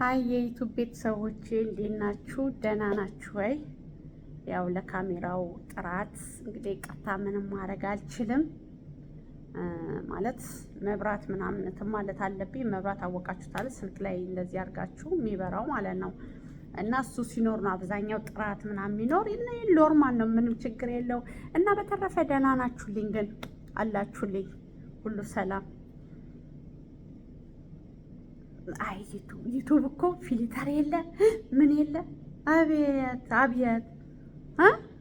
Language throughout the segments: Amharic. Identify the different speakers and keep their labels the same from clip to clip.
Speaker 1: ሀይ የዩቱብ ቤተሰቦቼ እንዴት ናችሁ? ደህና ናችሁ ወይ? ያው ለካሜራው ጥራት እንግዲህ ቀጥታ ምንም ማድረግ አልችልም። ማለት መብራት ምናምን እንትን ማለት አለብኝ። መብራት አወቃችሁታል፣ ስልክ ላይ እንደዚህ አድርጋችሁ የሚበራው ማለት ነው። እና እሱ ሲኖር ነው አብዛኛው ጥራት ምናምን የሚኖር ኖርማል ነው፣ ምንም ችግር የለው። እና በተረፈ ደህና ናችሁልኝ? ግን አላችሁልኝ? ሁሉ ሰላም። አይ ዩቱብ እኮ ፊልተር የለ ምን የለ። አቤት አብየት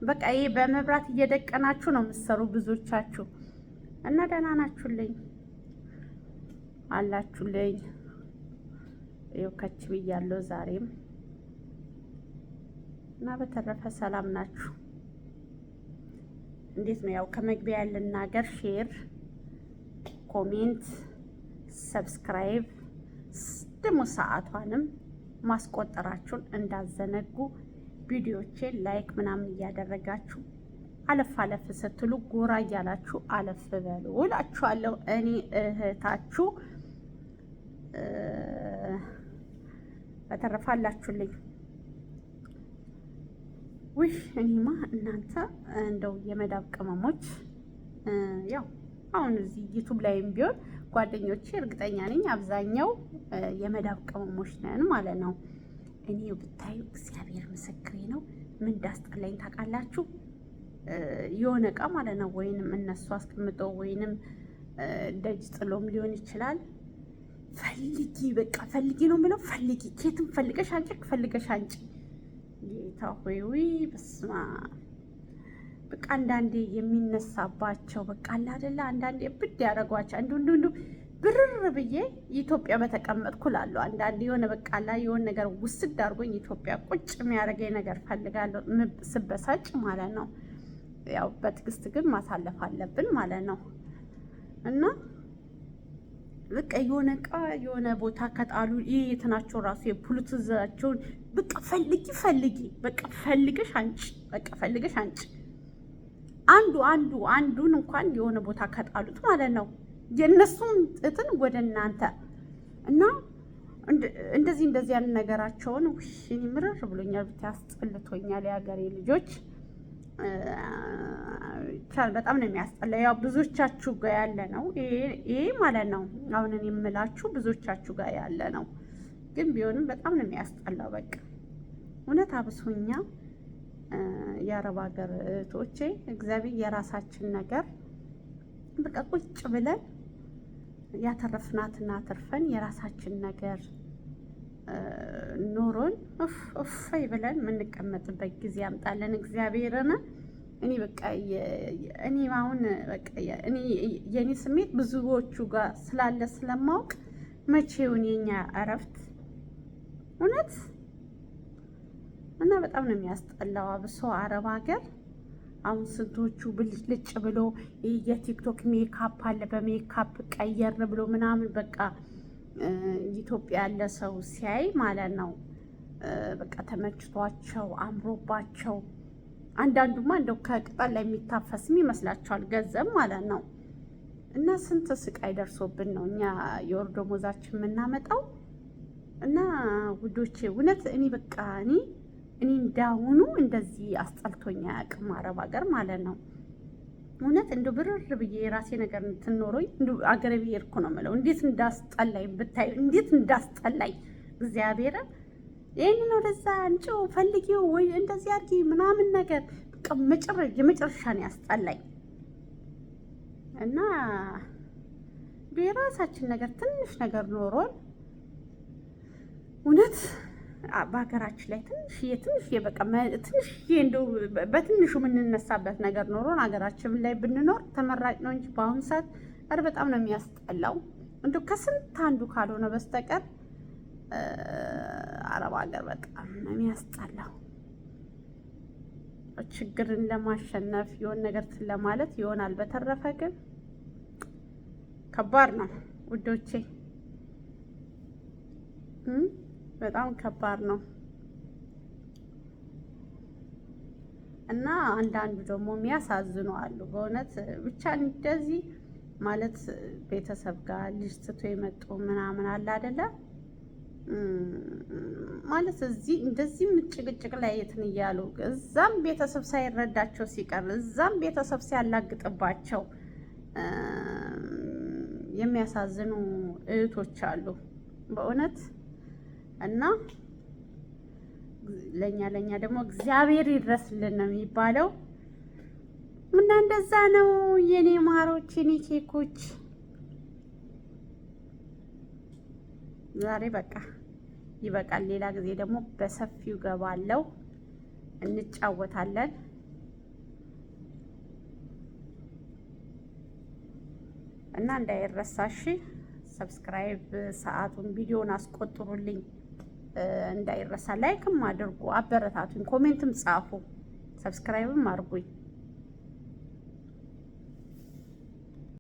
Speaker 1: በቃ ይሄ በመብራት እየደቀናችሁ ነው የምትሰሩ ብዙዎቻችሁ። እና ደህና ናችሁልኝ አላችሁልኝ? ይኸው ከች ብያለሁ ዛሬም እና በተረፈ ሰላም ናችሁ? እንዴት ነው? ያው ከመግቢያ ልናገር፣ ሼር፣ ኮሜንት፣ ሰብስክራይብ ደግሞ ሰዓቷንም ማስቆጠራችሁን እንዳዘነጉ ቪዲዮቼን ላይክ ምናምን እያደረጋችሁ አለፍ አለፍ ስትሉ ጎራ እያላችሁ አለፍ በሉ እላችኋለሁ። እኔ እህታችሁ በተረፋላችሁልኝ። ውይ እኔማ እናንተ እንደው የመዳብ ቅመሞች ያው አሁን እዚህ ዩቱብ ላይም ቢሆን ጓደኞቼ እርግጠኛ ነኝ አብዛኛው የመዳብ ቅመሞች ነን ማለት ነው። እኔ ብታዩ እግዚአብሔር ምስክሬ ነው። ምን እንዳስጠላኝ ታውቃላችሁ? የሆነ እቃ ማለት ነው ወይንም እነሱ አስቀምጦ ወይንም ደጅ ጥሎም ሊሆን ይችላል። ፈልጊ በቃ ፈልጊ ነው የምለው። ፈልጊ ኬትም ፈልገሽ አንጭ ፈልገሽ አንጭ ጌታ ሆይ በስማ በቃ አንዳንዴ የሚነሳባቸው በቃ አለ አይደለ አንዳንዴ ብድ ያደረጓቸው እንዱ እንዱ እንዱ ብርር ብዬ ኢትዮጵያ በተቀመጥኩ ላለሁ አንዳንዴ የሆነ በቃ አለ የሆነ ነገር ውስድ አድርጎኝ ኢትዮጵያ ቁጭ የሚያደርገኝ ነገር ፈልጋለሁ ስበሳጭ ማለት ነው። ያው በትዕግስት ግን ማሳለፍ አለብን ማለት ነው እና በቃ የሆነ እቃ የሆነ ቦታ ከጣሉ ይህ የትናቸው ራሱ የፖለቲዛቸውን በቃ ፈልጊ ፈልጊ በቃ ፈልገሽ አንጭ በቃ ፈልገሽ አንጭ። አንዱ አንዱ አንዱን እንኳን የሆነ ቦታ ከጣሉት ማለት ነው የእነሱን ጥትን ወደ እናንተ እና እንደዚህ እንደዚህ ያለ ነገራቸውን ሽን ምርር ብሎኛል። ብቻ የሀገሬ ልጆች ይቻል በጣም ነው የሚያስጠላ። ያው ብዙዎቻችሁ ጋር ያለ ነው ይሄ ማለት ነው። አሁን እኔ የምላችሁ ብዙዎቻችሁ ጋር ያለ ነው፣ ግን ቢሆንም በጣም ነው የሚያስጠላው። በቃ እውነት አብሶኛ የአረብ ሀገር እህቶቼ እግዚአብሔር የራሳችን ነገር በቃ ቁጭ ብለን ያተረፍናትና አትርፈን የራሳችን ነገር ኖሮን እፍ እፍ ብለን የምንቀመጥበት ጊዜ ያምጣለን እግዚአብሔርን። እኔ በቃ እኔ አሁን በቃ እኔ የኔ ስሜት ብዙዎቹ ጋር ስላለ ስለማውቅ መቼውን የኛ እረፍት እውነት እና በጣም ነው የሚያስጠላው። አብሶ አረብ ሀገር አሁን ስንቶቹ ብልጭልጭ ብሎ የቲክቶክ ሜካፕ አለ በሜካፕ ቀየር ብሎ ምናምን በቃ ኢትዮጵያ ያለ ሰው ሲያይ ማለት ነው በቃ ተመችቷቸው አምሮባቸው አንዳንዱማ እንደው ከቅጠል ላይ የሚታፈስም ይመስላችኋል ገንዘብ ማለት ነው። እና ስንት ስቃይ ደርሶብን ነው እኛ የወር ደመወዛችን የምናመጣው። እና ውዶቼ እውነት እኔ በቃ እኔ እኔ እንዳሁኑ እንደዚህ አስጠልቶኛ አያውቅም፣ አረብ ሀገር ማለት ነው። እውነት እንደ ብርር ብዬ የራሴ ነገር ትኖረኝ አገረ ብዬ ነው የምለው። እንዴት እንዳስጠላኝ ብታዩ፣ እንዴት እንዳስጠላኝ እግዚአብሔርን ይህንን ወደዛ እንጮ ፈልጊው ወይ እንደዚህ አድርጊ ምናምን ነገር የመጨረሻ ነው ያስጠላኝ። እና የራሳችን ነገር ትንሽ ነገር ኖሮን እውነት በሀገራችን ላይ ትንሽ ትንሽዬ በቃ ትንሽ እንደው በትንሹ የምንነሳበት ነገር ኖሮን ሀገራችን ላይ ብንኖር ተመራጭ ነው እንጂ በአሁኑ ሰዓት ኧረ በጣም ነው የሚያስጠላው። እንደው ከስንት አንዱ ካልሆነ በስተቀር አረብ ሀገር በጣም ነው የሚያስጠላው። ችግርን ለማሸነፍ የሆን ነገር ለማለት ይሆናል። በተረፈ ግን ከባድ ነው ውዶቼ፣ በጣም ከባድ ነው እና አንዳንዱ ደግሞ የሚያሳዝኑ አሉ። በእውነት ብቻ እንደዚህ ማለት ቤተሰብ ጋር ልጅ ትቶ የመጡ ምናምን አለ አይደለም ማለት እዚህ እንደዚህ ጭቅጭቅ ላይ የትን እያሉ እዛም ቤተሰብ ሳይረዳቸው ሲቀር እዛም ቤተሰብ ሲያላግጥባቸው የሚያሳዝኑ እህቶች አሉ በእውነት እና ለኛ ለኛ ደግሞ እግዚአብሔር ይድረስልን ነው የሚባለው። እና እንደዛ ነው የኔ ማሮች የኔ ኬኮች ዛሬ በቃ ይበቃል። ሌላ ጊዜ ደግሞ በሰፊው ገባለው እንጫወታለን። እና እንዳይረሳሽ ሰብስክራይብ ሰዓቱን ቪዲዮን አስቆጥሩልኝ እንዳይረሳ። ላይክም አድርጉ፣ አበረታቱኝ፣ ኮሜንትም ጻፉ፣ ሰብስክራይብም አድርጉኝ።